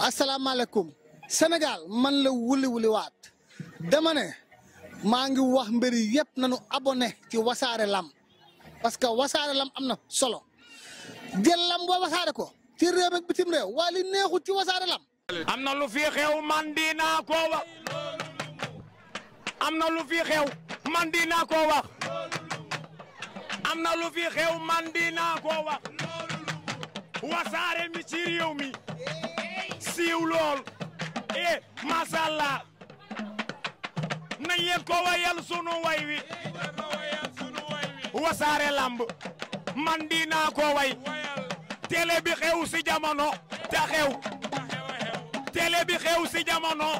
asalaamaaleykum Sénégal man la wuli wuli maa ngi wax mbir yëpp nañu abone ci wasaare lam parce que wasaare lam am na solo jël lam boo wasaare ko ci réew ak bitim réew waa li neexul ci wasaare lam. am na lu fi xew man dinaa ko wax am na lu fi xew man dinaa ko wax am ko wax wasaare mi ci réew mi. siiw lool e macha allah nañ leen ko wayal sunu way lamb man dinaa ko way télé bi xew si jamono ta xew télé bi xew si jamono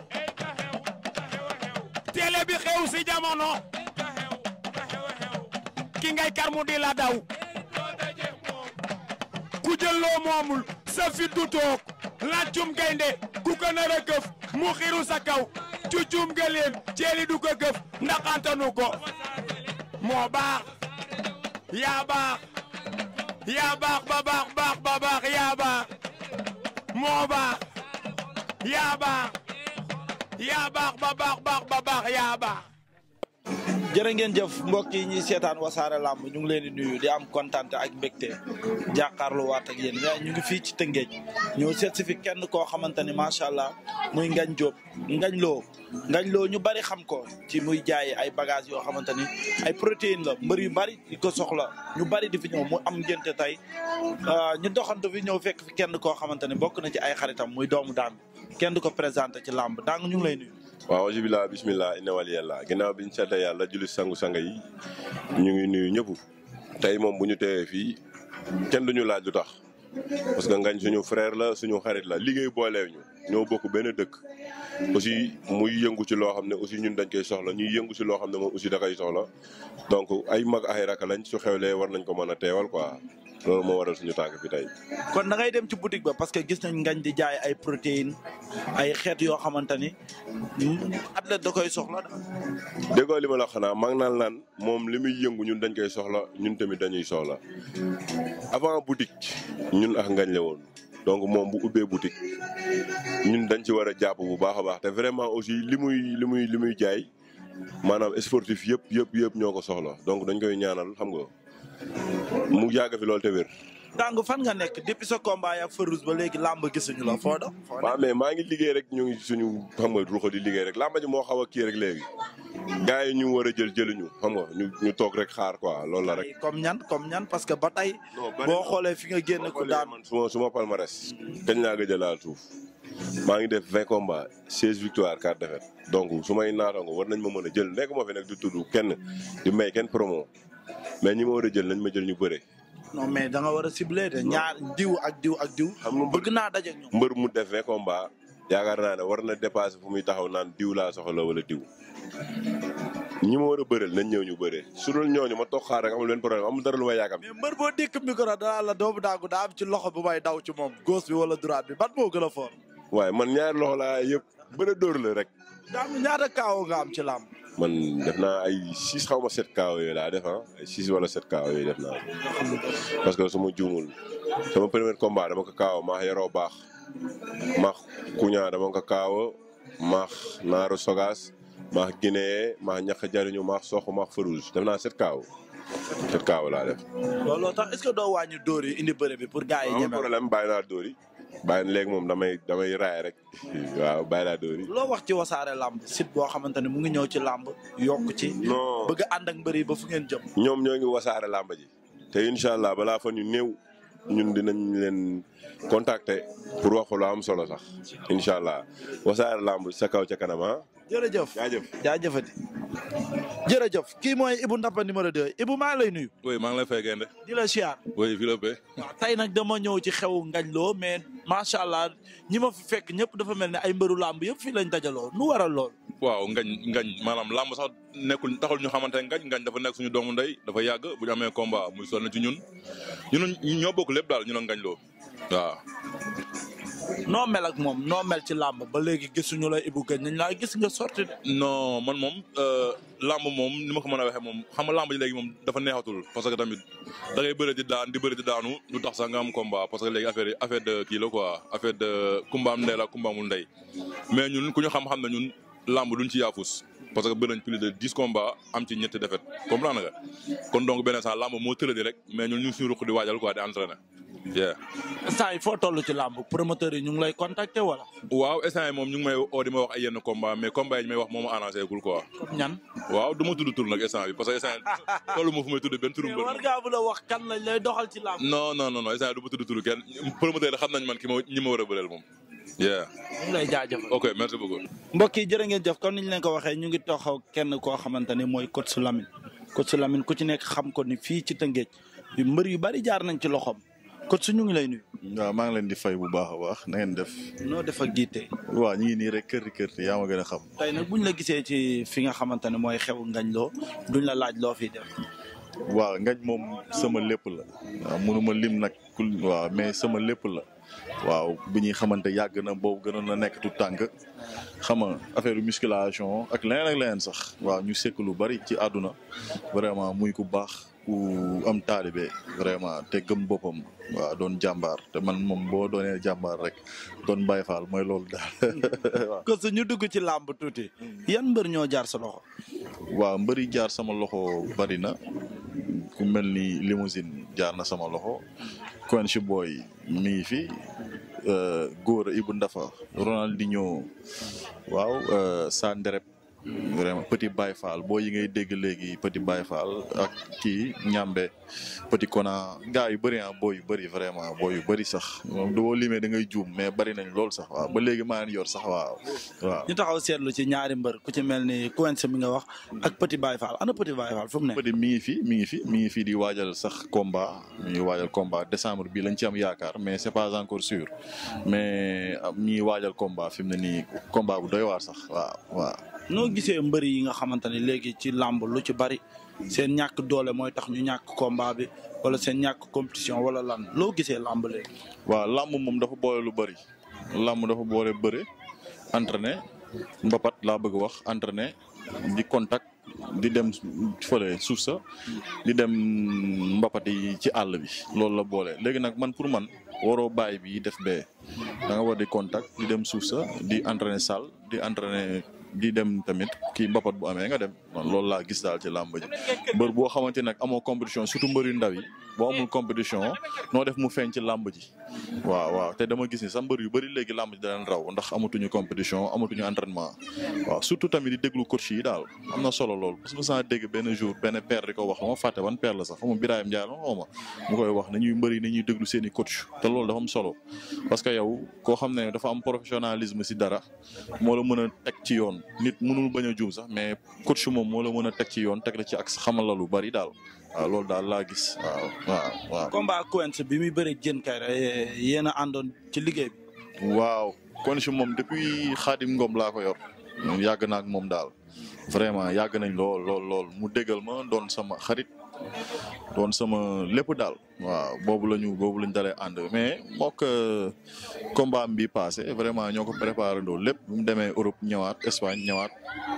télé bi xew si jamono ki kar mu di la daw ku laccum gaynde ku ko nar a këf mu xiru sa kaw cuccum ceeli du ko këf ko moo baax yaa baax yaa baax ba baax baax ba baax yaa baax moo baax yaa baax yaa baax ba baax ba baax yaa baax jërë ngeen jëf mbokk yi ñuy seetaan wasaare làmb ñu ngi leen di nuyu di am kontaan ak mbégte jàkkaarloowaat ak yéen mais ñu ngi fii ci Tëngéej ñëw seet si fi kenn koo xamante ni macha allah muy ngañ Diop ngañ loo Ngagne Lo ñu bari xam ko ci muy jaaye ay bagages yoo xamante ni ay protéines la mbër yu bari di ko soxla ñu bari di fi ñëw mu am ngénte tey euh, ñu doxantu fi ñëw fekk fi kenn koo xamante ni bokk na ci ay xaritam muy doomu daan kenn ko présenté ci làmb dang ñu ngi nuyu. waaw jubilaa bisimilah inna wali yàlla ginnaaw bi ñu sant yàlla julli sangu-sanga yi ñu ngi nuyu ñëpp tey moom bu ñu teewee fii kenn duñu laaj lu tax parce que ngañ suñu freer la suñu xarit la liggéey boolee ñu ñoo bokk benn dëkk aussi muy yëngu ci loo xam ne aussi ñun dañ koy soxla ñuy yëngu ci loo xam ne moom aussi da koy soxla donc ay mag ay raka lañ su xewlee war nañ ko mën a teewal quoi loolu moo waral suñu tànk fi tey. kon da ngay dem ci boutique ba parce que gis nañ ngañ di jaay ay protéines ay xeet yoo xamante ni athlète da koy soxla. déggoo li ma xanaa maa ngi naan naan moom li muy yëngu ñun dañ koy soxla ñun tamit dañuy soxla avant boutique ñun ak ngañ le woon. donc moom bu ubbee boutique ñun dañ ci war a jàpp bu baax a baax te vraiment aussi li muy li muy li muy jaay maanaam sportif yëpp yëpp yëpp ñoo ko soxla donc dañ koy ñaanal xam nga mu yàgg fi loolu te wér. Dangu fan nga nekk depuis sa combat ak Farouz ba léegi làmb gisuñu la foo doon. waaw maa ngi liggéey rek ñu ngi suñu xam nga ruuxa di liggéey rek làmb ji moo xaw a kii rek léegi. gars yi ñu war a jël jëliñu xam nga ñu ñu toog rek xaar ko loolu la rek. comme ñan comme ñan parce que ba tey. boo xoolee fi nga génn ko daan man suma suma palmarès. kañ laa gëj a laal maa ngi def vingt combats seize victoire quatre défaites donc su may naataango war nañ ma mën a jël nekk moo fi nag du tudd kenn di may kenn promo mais ñi ma war a jël nañ ma jël ñu bëre. non mais danga nga war a ciblé de ñaar diw ak diw ak diw. xam nga bëgg naa daje ñu ñoom. mbër mu def vingt yaakaar naa ne war na dépassé fu muy taxaw naan diw laa soxla wala diw ñi ma war a bëreel nañ ñëw ñu bëreel su dul ñooñu ma toog xaar rek amul benn problème amul dara lu may yaakaar. mais mbër boo dékk micro danaa la doomu daagu daa am ci loxo bu may daw ci moom gauche bi wala droite bi ban moo gën a fort. waaye man ñaar loxo laa yëpp bëre dóor la rek. daa am ñaata kaaw nga am ci làmb. man def naa ay six xaw ma sept kaaw yooyu laa def ah ay six wala sept kaaw yooyu def naa parce que su ma juumul sama premier combat dama ko kaaw maa yoroo baax. ma kuña dama ka kaawa maax naaro sogas maax guinée maax ñax jariñu maax sox maax farouge def naa set kaaw set kaaw laa def tax est-ce doo wàññi dóor yi indi bëre bi pour gars yi ñeme problème bàyyi léegi moom damay damay raay rek waaw bàyyi naa dóor loo wax ci wasaare làmb sit boo xamante ne mu ngi ñëw ci làmb yokk ci non bëgg ànd ak yi ba fu ngeen jëm ñoom ñoo ngi wasaare lamba ji te incha allah balaa fa ñu néew ñun dinañ leen contacter pour wax lu am solo sax incha allah wasaare lamb sa kaw ca kanama ah. jërëjëf jaajëf jaajëfati jërëjëf kii mooy Ibou Ndapa numéro 2 maa lay nuyu. oui maa ngi lay fay gaynde di la siyaar. oui fi la paix. waaw ci xew Ngagne loo mais macha allah ñi ma fi fekk ñëpp dafa mel ne ay mbëru lamb yëpp fii lañ dajaloo nu waral lool. waaw ngañ ngañ maanaam làmb sax nekkul taxul ñu xamante ngañ ngañ dafa nekk suñu doomu ndey dafa yàgg bu ñu amee combat muy sonn ci ñun ñun ñoo bokk lépp daal ñu la ngañ loo waaw. noo mel moom noo mel ci làmb ba léegi gisuñu la Ibou Gueye nañ laa gis nga sorti de. non man moom euh, làmb moom nu ma ko mën a waxee moom xam nga làmb ji léegi moom dafa neexatul parce que tamit da ngay bëri di daan di bëri di daanu lu tax sax nga am combat parce que léegi affaire affaire de kii la quoi affaire de kumbaam ndey la kumbaamul ndey mais ñun ku ñu xam-xam ne ñun lamb duñ ci yaafus parce que bëri nañ plus de dix combats am ci ñetti défaite comprendre nga kon donc beneen saa làmb moo tëral di rek mais ñun ñu ngi suñu ruq di waajal a di entraîner. bien. instant yi foo toll ci làmb promoteur yi ñu lay contacter wala. waaw instant yi moom ñu may oo wax ay yenn combat mais combat yi may wax moo ma arrangé gul quoi. ñan. waaw du ma tudd tur nag instant parce que instant yi tollu ma may tudd benn turu. mais war ngaa a wax kan lay doxal ci nañ man ki ma yeah ñu lay jaajëfal ok merci beaucoup. mbokk yi jërë ngeen jëf comme ni ñu leen ko waxee ñu ngi toxaw kenn koo xamante ne mooy coach Lamine coach Lamine ku ci nekk xam ko ni fii ci Tëngéej mbër yu bari jaar nañ ci loxoom coach ñu ngi lay nuyu. waaw maa ngi leen di fay bu baax a baax na ngeen def. noo def ak jiite. waaw ñu ngi nii rek kër kër yaa ma gën a xam. tey nag buñ la gisee ci fi nga xamante ne mooy xew ngañ loo duñ la laaj loo fi def. waaw ngañ moom sama lépp la. waaw mënuma lim nag waaw mais sama lépp la waaw bi ñuy xamante yàgg na boobu gënoon na nekk tout tànk xam nga affaire musculation ak leneen ak leneen sax waaw ñu sekk lu bari ci àdduna vraiment muy ku baax ku am taalibe vraiment te gëm boppam waaw doon jàmbaar te man moom boo doonee jàmbaar rek doon Baay Faal mooy loolu daal. waaw kon ñu dugg ci làmb tuuti. yan mbër ñoo jaar sa loxo. waaw mbër yi jaar sama loxo bari na ku mel ni limousine jaar na sama loxo. Quench Boy mi ngi fi euh, Gora Ibou Ndafa Ronaldinho waaw euh, Sandrep vraiment petit Baye Fall boo yi ngay dégg léegi petit Baye Fall ak kii ñambe petit Kona gars yu bari ah boo yu bëri vraiment boo yu bëri sax moom du boo da ngay juum mais bëri nañ lool sax waaw ba léegi maa leen yor sax waaw waaw. ñu taxaw seetlu ci ñaari mbër ku ci mel ni Quench mi nga wax ak petit Baye Fall ana petit Baye Fall fu ne. mi ngi fi mi ngi fi mi ngi fi di waajal sax combat mi ngi waajal combat décembre bi lañ ci am yaakaar mais c'est pas encore sûr mais ñi ah, waajal combat fi mu ne nii combat bu doy waar sax waaw waaw. noo gisee mbëri yi nga xamante ne léegi ci làmb lu ci bari seen ñàkk doole mooy tax ñu ñàkk combat bi wala seen ñàkk compétition wala lan loo gisee làmb léegi. waaw làmb moom dafa boole lu bari làmb dafa boole bëre entraîné mbapat la bëgg wax entraîné di contact di dem fële suuf sa di dem mbapat yi ci àll bi loolu la boole léegi nag man pour man waroo bàyyi bi def bee da nga war di contact di dem suuf sa di entraîné salle di entraîné. di dem tamit kii mbapat bu amee nga dem. man loolu laa gis daal ci làmb ji mbër boo xamante nag amoo compétition surtout mbër yu ndaw yi boo amul compétition noo def mu feeñ ci làmb ji waaw waaw te dama gis ni sa mbër yu bëri léegi làmb ji da leen raw ndax amatuñu compétition amatuñu entraînement waaw surtout tamit di déglu coach yi daal am na solo lool parce que saa dégg jour benn père di ko wax ma fàtte ban père sax xamu Birahim Ndiaye la koy wax nañuy mbër yi nañuy déglu seen i coach te lool dafa am solo parce que yow koo xam ne dafa am professionnalisme si dara moo la mën a teg ci yoon nit mënul bañ a juum sax mais coach moom moom moo la mën a teg ci yoon teg la ci ak xama la lu bari daal waaw loolu daal laa gis waaw waaw waaw. combat bi muy bëri Diène Kaïré yéen a àndoon ci liggéey bi. waaw Quench moom depuis Xaadim Ngom laa ko yor. yàgg naa ak moom daal vraiment yàgg nañ lool lool mu déggal ma doon sama xarit doon sama lépp daal. waaw boobu la ñu boobu lañ ñu dalee ànd mais mook combat bi passé vraiment ñoo ko préparé ndoo lépp bu mu demee Europe ñëwaat Espagne ñëwaat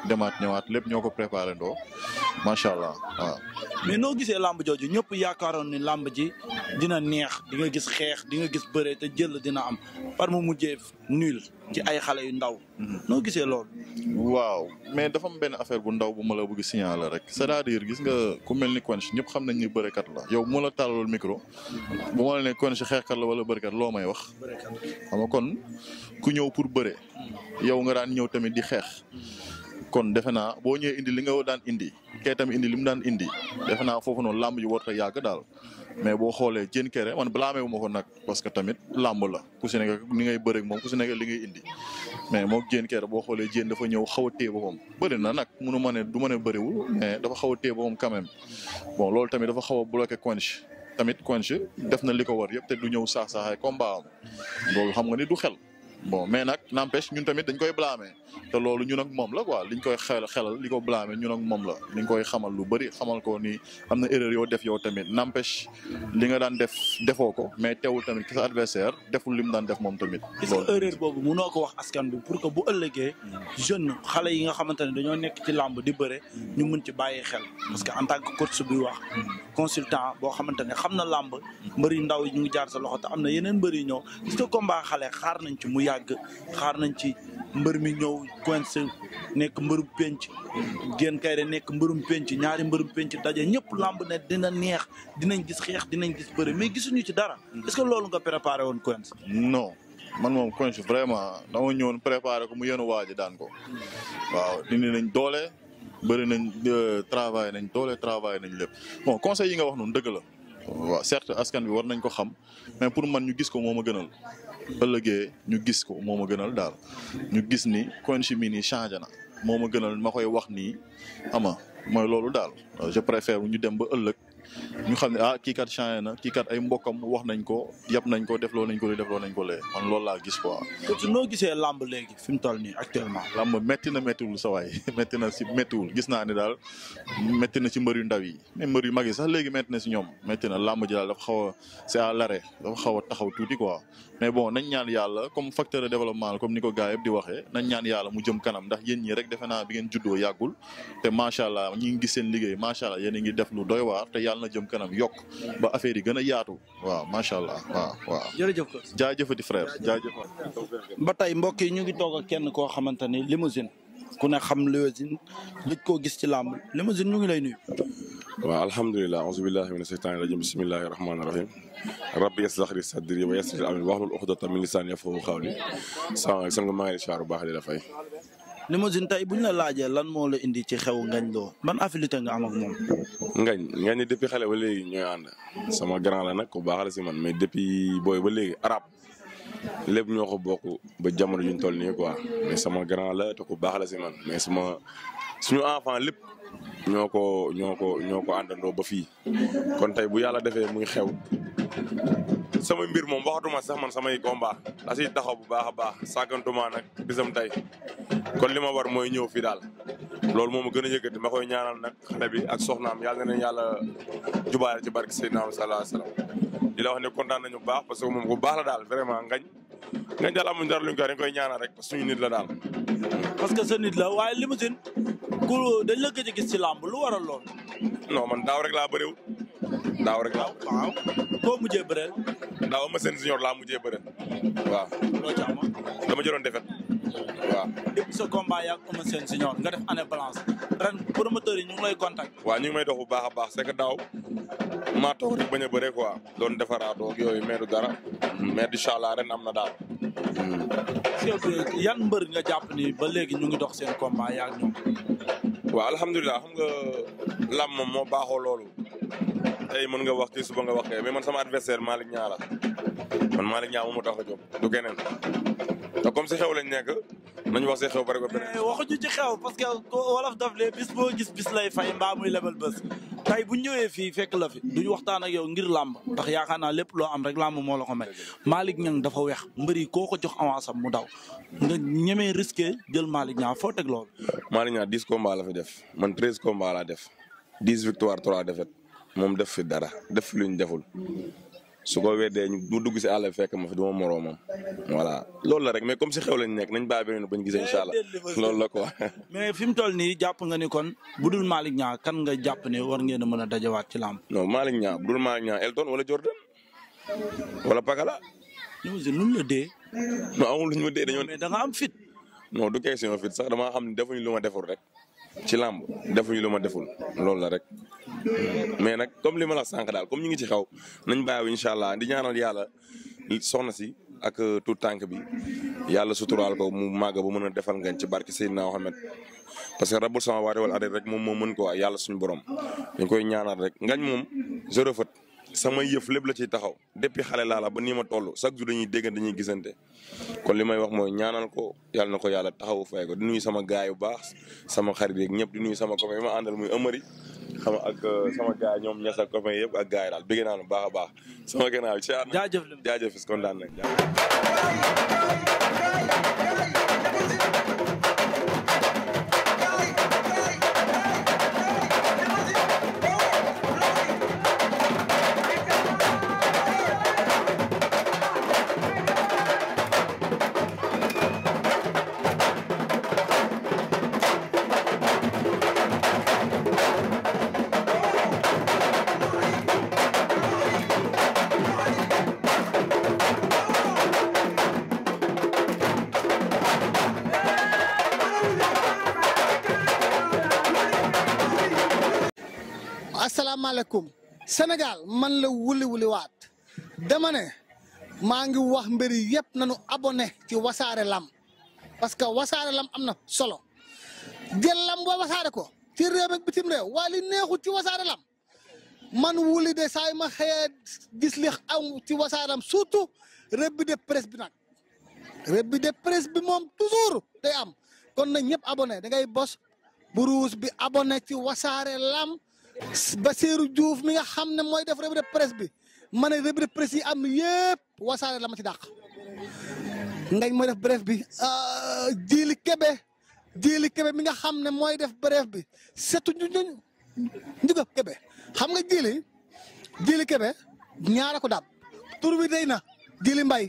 demaat ñëwaat lépp ñoo ko préparé ndoo macha allah waaw. mais noo gisee làmb jooju ñëpp yaakaaroon ni làmb ji dina neex di nga gis xeex di nga gis bëre te jël dina am par mu mujjee nul ci ay xale yu ndaw. Mhm. noo gisee loolu. waaw mais dafa am benn affaire bu ndaw bu ma la bëgg signaler rek c'est-à-dire gis nga ku mel ni Quench ñëpp xam nañ ni bërekat la yow mu la tàllal micro micro bu ma la ne kon si xeexkat la wala bërekat loo may wax xam nga kon ku ñëw pour bëre yow nga daan ñëw tamit di xeex kon defe naa boo ñëwee indi li nga daan indi kee tamit indi li mu daan indi defe naa foofu noonu làmb ji warut a yàgg daal mais boo xoolee jën kere man blaamee wu ma ko nag parce que tamit làmb la ku si nekk ni ngay bëreeg moom ku si nekk li ngay indi mais moom jën kere boo xoolee jën dafa ñëw xaw a téye boppam bëri na nag mënu ma ne du ma ne mais dafa xaw a téye boppam quand même bon loolu tamit dafa xaw a bloqué conche tamit coinché def na li ko war yëpp te du ñëw saax saaxee combat am xam nga ni du xel. bon mais nag n'empêche ñun tamit dañ koy blâmer te loolu ñun moom la quoi liñ koy xel xelal li ko blâmer ñun moom la liñ koy xamal lu bëri xamal ko ni am na erreur yo def yow tamit n'empêche li nga daan def defoo ko mais teewul tamit ki sa adversaire deful li mu daan def moom tamit. loolu erreur boobu mënoo ko wax askan bi pour que bu ëllëgee jeune xale yi nga xamante ne dañoo nekk ci lamb di bëre ñu mën ci bàyyi xel parce que en tant que coach buy wax consultant boo xamante ne xam na làmb mbër yu ndaw yi ñu jaar sa loxo te am na yeneen mbër yu ñëw yàgg xaar nañ ci mbër mi ñëw Quench nekk mbërum penc Diène Kaïré nekk mbërum penc ñaari mbër mbërum penc daje ñëpp lamb ne dina neex dinañ gis xeex dinañ gis bëre mais gisuñu ci dara mm-hmm. est que loolu nga préparé woon Quench no man moom Quench vraiment dama ñëwoon préparé ko mu yenu waaji daan ko mm-hmm. waaw dindi nañ doole bëri nañ euh, travail nañ doole travail nañ lépp bon conseil yi nga wax noonu dëgg la waaw certes askan war nañ ko xam mais pour man ñu gis ko moom ëllëgee ñu gis ko moo ma gënal daal ñu gis ni Koinchi mii nii changé na moo ma gënal ma koy wax nii ama mooy loolu daal je préfère ñu dem ba ëllëg ñu xam ne ah kii kat changé na kii kat ay mbokkam wax nañ ko yab nañ ko defloo nañ ko li defloo nañ ko lee man laa gis quoi. te noo gisee lamb léegi fi mu toll nii actuellement. lamb métti na méttiwul sa waay métti na si méttiwul gis naa ne daal métti na si mbër yu ndaw yi mais mbër yu mag yi sax léegi métti na si ñoom métti na làmb ji daal dafa xaw xaw taxaw tuuti quoi mais bon nañ ñaan yàlla comme facteur de développement comme ni ko gars waxee nañ ñaan yàlla mu jëm kanam ndax yéen ñi rek defe naa bi ngeen juddoo yàggul te macha allah ñi ngi gis seen liggéey macha allah yéen ngi def lu doy yàlla na jëm kanam yokk ba affaire yi gën a yaatu waaw macha allah waaw waaw. jërëjëf ko jaajëfati frère ba tey mbokk yi ñu ngi toog kenn koo xamante ni limousine ku ne xam limousine dañ koo gis ci làmb limousine ñu ngi lay nuyu. waaw alhamdulilah auzu billahi mina shaytaani rajim bismillahi rahmaani rahim rabbi yaslih li sadri wa yassir li amri wahlul uqdatan min lisani yafqahu qawli sànq maa ngi lay bu baax di la fay. Limousine tey bu ñu la laajee lan moo la indi ci xew ngañ loo ban affinité nga am ak moom. ngañ ngañ depuis xale ba léegi ñooy ànd sama grand la nag ku baax la si man mais depuis booy ba léegi arab lépp ñoo ko bokk ba jamono juñ toll nii quoi mais sama grand la te baax la si man mais sama suñu enfant lépp ñoo ko ñoo ko ñoo ko àndandoo ba fii kon tey bu yàlla defee muy xew sama mbir moom waxatuma sax man samay combat da siy taxaw bu baax a baax sàggantuma nag disam tey kon li ma war mooy ñëw fii daal loolu moom gën a yëkkati ma koy ñaanal nag xale bi ak soxnaam yàlla na leen yàlla jubaale ci barke Seydina Muhammad sallallahu alayhi wasallam di wax ne kontaan nañu bu baax parce que moom bu baax la daal vraiment ngañ ngañ daal amuñ dara luñ koy dañ koy ñaanal rek parce que suñu nit la daal. parce que sa nit la waaye Limousine ku dañ la gëj a gis ci làmb lu waral lool. non man daaw rek laa bëriwul. ndaaw rek laa. waaw koo mujjee bëreel. daaw ma seen junior laa mujjee bëreel. waaw. loo ci amoon. dama jëloon defet waaw. depuis sa combat yaa ngi seen junior def année balance ren promoteurs yi ñu ngi lay contact. waaw ñu may dox bu baax a baax daaw maa toog rek bañ a bëree quoi doon defaraatoo yooyu mais dara mais incha allah ren am na daal. yan mbër nga jàpp ni ba léegi ñu ngi dox seen combat yaa ngi ñoom. waaw xam nga lam moom moo baaxoo loolu. tey mën nga wax kii suba nga waxee mais man sama adversaire Malick Niang la man Malick Niang moomu tax a jóg du keneen te comme si xew lañ nekk nañu wax si xew bari ko beneen. Eh, waxuñu ci xew parce que wolof daf lee bis boo gis bis lay fay mbaa muy lebal bés tey bu ñëwee fii fekk la fi ñu waxtaan ak yow ngir làmb ndax yaakaar naa lépp loo am rek làmb moo la ko may Malick dafa weex mbëri koo ko jox avance am mu daw nga ñemee risqué jël Malick Niang foo teg loolu. Malick Niang dix combats la fi def man treize combats laa def dix victoire trois défaites. moom def fi dara def fi luñ deful su ko weddee ñu mu dugg si àll fekk ma fi du ma moroomam voilà loolu rek mais comme si xew lañ nekk nañ bàyyi beneen bañ gisee incha allah eh, loolu la quoi. mais fi mu toll nii jàpp nga ni kon bu dul Malick Niang kan nga jàpp ne war ngeen a mën a dajawaat ci làmb. non Malick Niang bu dul Malick Niang Elton wala Jordan wala Pakala. yow si lu dee. non amul lu ñu ma dee dañoo. mais da nga am fit. non du question fit sax damaa xam ne defuñ lu ma deful rek. ci làmb defuñu lu ma deful loolu la rek mais nag comme li ma sànq daal comme ñu ngi ci xaw nañ bàyyi incha allah di ñaanal yàlla soxna si ak euh, tout tànk bi yàlla suturaal ko mu màgg bu mën a defal ngeen ci barke Seydina Mohamed parce que rabul sama waate wala adet rek moom moo mën ko waa yàlla suñu borom dañ koy ñaanal rek ngañ moom jërëfat sama yëf lépp la ciy taxaw depuis xale laa la ba nii ma toll chaque jour dañuy dégg dañuy gisante kon li may wax mooy ñaanal ko yàlla na ko yàlla taxawu fay ko di nuyu sama gaay yu baax sama xarit yeeg ñëpp di nuyu sama copain yi ma àndal muy Amari xam ak euh, sama gaay ñoom ñes ak copain yëpp ak gaay yi daal bëgg naa nu baax a baax sama gànnaaw ci jaajëf jaajëf is kontaan nañ asalaamaaleykum Sénégal man la wuli wuli waat dama maa ngi wax mbir yëpp nañu abonné ci wasaare lam parce que wasaare lam am na solo jël lam boo wasaare ko ci réew ak bitim réew waaye li neexul ci wasaare lam man wuli de saa ma xëyee gis li ci wasaare lam surtout revue de presse bi nag revue de presse bi moom toujours day am kon na ñëpp abonné da ngay buruus bi abonné ci wasaare lam Bassirou Diouf mi nga xam ne mooy def revue de presse bi ma ne revue de presse yi am yëpp wasaare la ma ci dàq ngañ mooy def bref bi jiili kebe jiili kebe mi nga xam ne mooy def bref bi setu ñu ñu njuga kebe xam nga jiili jiili kebe ñaara ko daab tur bi day na jiili mbay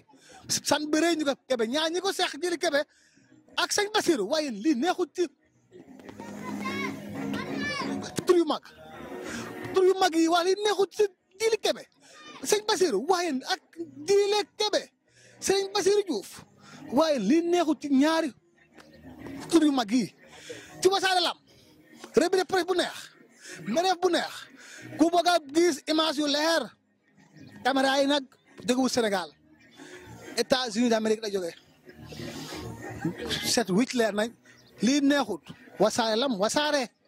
san bi rëy njuga kebe ñaar ko seex jiili kebe ak sëñ Bassirou waaye li neexut ci tur yu mag tur yu mag yi waa li neexut sa Djily Kébé sëñ Basirou waaye ak Djily Kébé sëñ Basirou Diouf waaye li neexut ci ñaari tur yu mag yi ci Wassare Lamb revue de presse bu neex mereef bu neex ku bëgg a gis yu leer caméra yi nag jógewul Sénégal États-Unis d'Amérique la jógee set wicc leer nañ lii neexut Wassare Lamb Wassare